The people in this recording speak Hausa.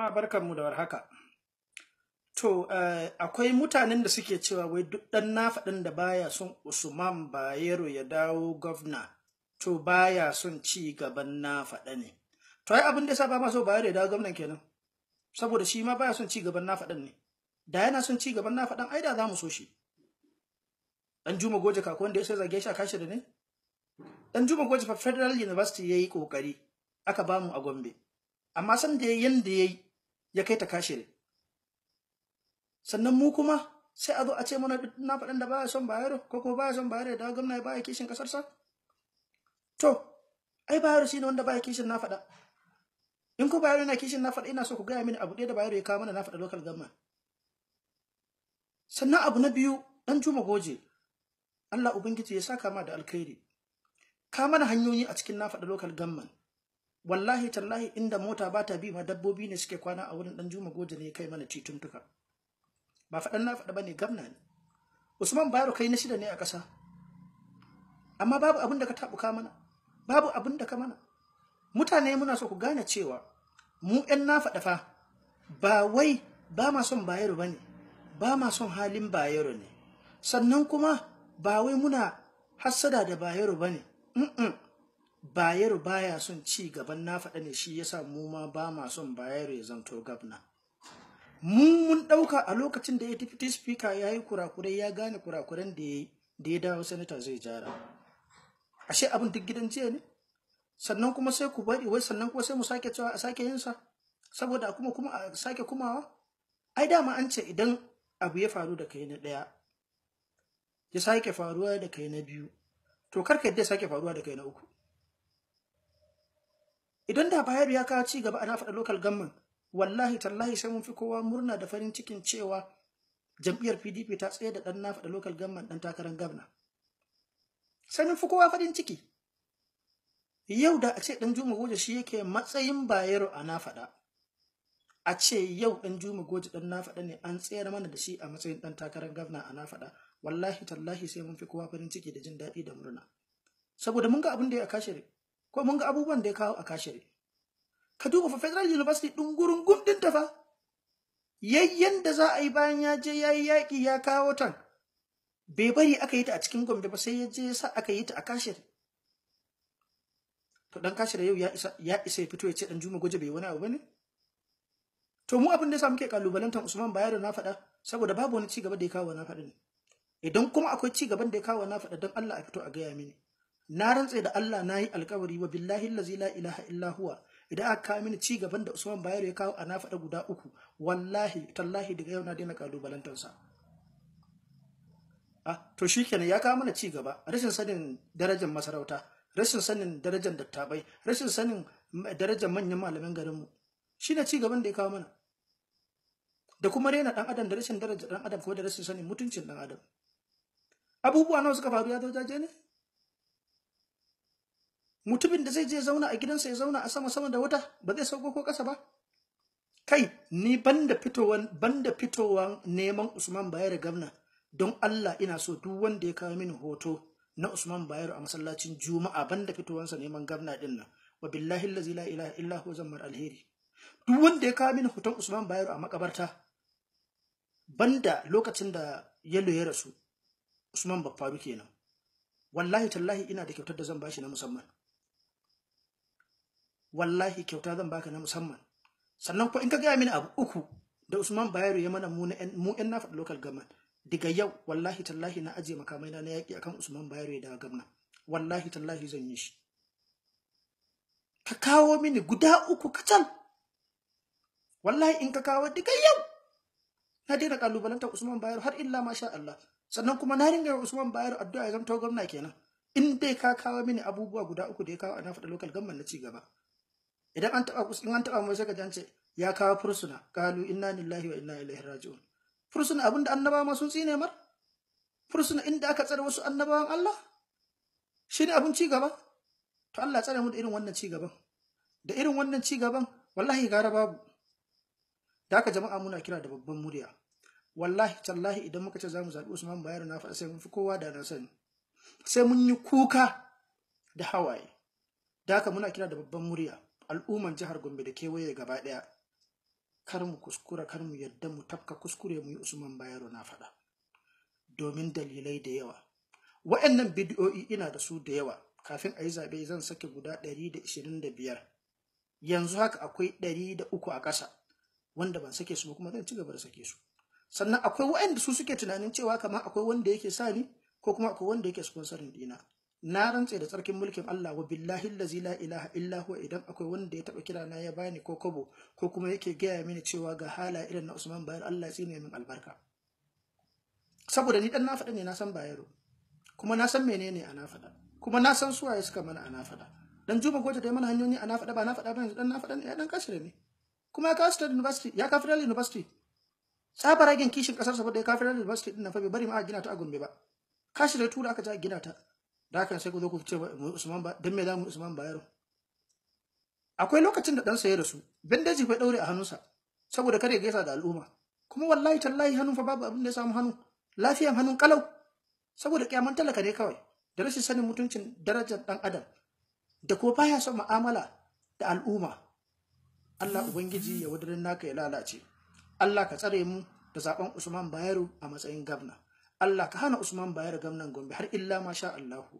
jama'a barkanmu da warhaka to eh, akwai mutanen da suke cewa wai duk dan na faɗin da baya son usman bayero ya dawo gwamna to baya son ci gaban na faɗa ne to ai abin da yasa ba ma so bayero ya dawo gwamnan kenan saboda shi ma baya son ci gaban na faɗan ne da yana son ci gaban na faɗan ai da za mu so shi dan juma goje ka wanda ya sai zage shi a kashi da ne dan juma goje fa federal university yayi kokari aka bamu a gombe amma san da yanda yayi ya kai ta kashire sannan mu kuma sai a zo a ce mana na faɗin da baya son bayero ko kuma baya son bayero dawo gwamna ya baya kishin ƙasarsa to ai bayero ne wanda baya kishin na faɗa in ko bayero yana kishin na faɗa ina so ku gaya mini abu ɗaya da bayero ya kawo mana na faɗa lokal gwamna sannan abu na biyu ɗan juma goje Allah Ubangiji ya saka ma da alkhairi ka mana hanyoyi a cikin na faɗa lokal gamman wallahi tallahi inda mota ba ta bi ma dabbobi ne suke kwana a wurin dan juma goje ne kai mana tituntuka ba faɗan na faɗa bane gamna ne Usman baro kai na shida ne a ƙasa amma babu abin da ka tabuka mana babu abin da ka mana mutane muna so ku gane cewa mu ɗan na faɗa fa ba wai ba ma son Bayero bane ba ma son halin Bayero ne sannan kuma ba wai muna hassada da Bayero bane mm bayero baya son ci gaban na faɗa ne shi yasa mu ma ba ma son bayero ya zanto gabna mu mun ɗauka a lokacin da ya tafi speaker ya yi kurakurai ya gane kurakuran da ya da ya dawo sanata zai jara ashe abin duk gidan jiya ne sannan kuma sai ku bari wai sannan kuma sai mu sake cewa a sake yin sa saboda kuma kuma a sake kumawa ai dama an ce idan abu ya faru da kai na ɗaya ya sake faruwa da kai na biyu to karka yadda sake faruwa da kai na uku idan da bayar ya kawo ci gaba ana faɗa local government wallahi tallahi sai mun fi kowa murna da farin cikin cewa jam'iyyar pdp ta tsaye da ɗan na faɗa local government ɗan takarar gabna sai mun fi kowa farin ciki yau da a ce ɗan juma goje shi yake matsayin bayero a na faɗa a ce yau ɗan juma goje ɗan na faɗa ne an tsayar mana da shi a matsayin ɗan takarar gabna a na faɗa wallahi tallahi sai mun fi kowa farin ciki da jin daɗi da murna saboda mun ga abin da ya kashe ko mun ga abubuwan da ya kawo a kashe ka duba fa federal university din gurin gundin ta fa yayyen da za a yi bayan ya je ya yi yaƙi ya kawo tan bai bari aka yi ta a cikin gombe ba sai ya je ya sa aka yi ta a kashir to dan kashir yau ya isa ya isa ya fito ya ce dan juma goje bai wani abu bane to mu abin da yasa muke kalubalantar Usman Bayero na faɗa saboda babu wani ci gaba da ya kawo na faɗa ne idan kuma akwai ci gaban da ya kawo na faɗa dan Allah a fito a gaya mini na rantse da Allah na yi alkawari wa billahi allazi la ilaha illa huwa idan aka kawo mini ci gaban da Usman Bayero ya kawo a na faɗa guda uku wallahi tallahi daga yau na daina balantan sa ah to shikenan ya kawo mana ci gaba rashin sanin darajar masarauta rashin sanin darajar dattabai rashin sanin darajar manyan malaman garinmu shine ci gaban da ya kawo mana da kuma rena dan adam da rashin darajar dan adam ko da rashin sanin mutuncin dan adam abubuwa nawa suka faru ya dauje ne mutumin da zai je zauna a gidansa ya zauna a sama sama da wuta ba zai sauko ko kasa ba kai ni banda fitowan banda fitowan neman Usman Bayero gwamna don Allah ina so duk wanda ya kawo mini hoto na Usman Bayero a masallacin Juma'a banda fitowansa neman gwamna din nan wa billahi allazi la ilaha illa huwa zammar alheri duk wanda ya kawo mini hoton Usman Bayero a makabarta banda lokacin da ya ya rasu Usman Baffaru kenan wallahi tallahi ina da kyautar da zan bashi na musamman wallahi kyauta zan baka na musamman sannan ko in ka gaya mini abu uku da Usman Bayero ya mana mu mu na faɗi local government daga yau wallahi tallahi na ajiye makamai na yaƙi akan Usman Bayero da a gwamna wallahi tallahi zan yi shi ka kawo mini guda uku kacal wallahi in ka kawo daga yau na daina kalubalantar Usman Bayero har illa masha Allah sannan kuma na ringa Usman Bayero addu'a ya zamto gwamna kenan in dai ka kawo mini abubuwa guda uku da ya kawo a na local government na ci gaba idan an taba in an taba mai sai ka ce ya kawo fursuna qalu inna lillahi wa inna ilaihi raji'un fursuna abinda annabawa ma sun tsine mar fursuna inda aka tsare wasu annabawan Allah shine abin ci gaba to Allah tsare mu da irin wannan ci gaban da irin wannan ci gaban wallahi gara babu da ka jama'a muna kira da babban murya wallahi tallahi idan muka ce za mu zaɓi usman bayar na faɗa sai mun fi kowa da na sani sai mun yi kuka da hawaye da haka muna kira da babban murya al'umman jihar gombe da kewaye gaba ɗaya kar mu kuskura kar mu yarda mu tafka kuskure mu yi usman bayero na faɗa domin dalilai da yawa wa'annan bidiyo'i ina da su da yawa kafin a yi zaɓe zan sake guda 125 yanzu haka akwai 103 a ƙasa wanda ban sake su kuma zan ci gaba da sake su sannan akwai wa'anda su suke tunanin cewa kamar akwai wanda yake sa ni ko kuma akwai wanda yake sponsorin dina na rantse da tsarkin mulkin Allah wa billahi allazi la ilaha illa huwa idan akwai wanda ya taba kira na ya bani ko kobo ko kuma yake gaya mini cewa ga hala irin na Usman Bayar Allah ya tsine min albarka saboda ni dan na faɗa ne na san Bayero kuma na san menene ana faɗa kuma na san waye suka mana ana faɗa dan juma goje dai mana hanyoyi ana faɗa ba na faɗa ba dan na faɗa ne dan kashire ne kuma ya kawo State University ya kawo Federal University tsabaragen kishin kasar saboda ya kawo Federal University din na fa bai bari ma a gina ta a Gombe ba kashire tura aka ja gina ta da sai ku zo ku ce Usman ba dan me za mu Usman Bayero akwai lokacin da ɗansa ya rasu bandaji fa daure a hannunsa saboda kare ya gaisa da al'umma kuma wallahi tallahi hannun fa babu abin da ya samu hannu lafiyar hannun kalau saboda kyaman talaka ne kawai da rashin sanin mutuncin darajar dan adam da ko baya son mu'amala da al'umma Allah ubangiji ya wadarin naka ya lalace Allah ka tsare mu da zaben Usman Bayero a matsayin governor Allah ka hana Usman Bayar gwamnan Gombe har illa ma sha Allahu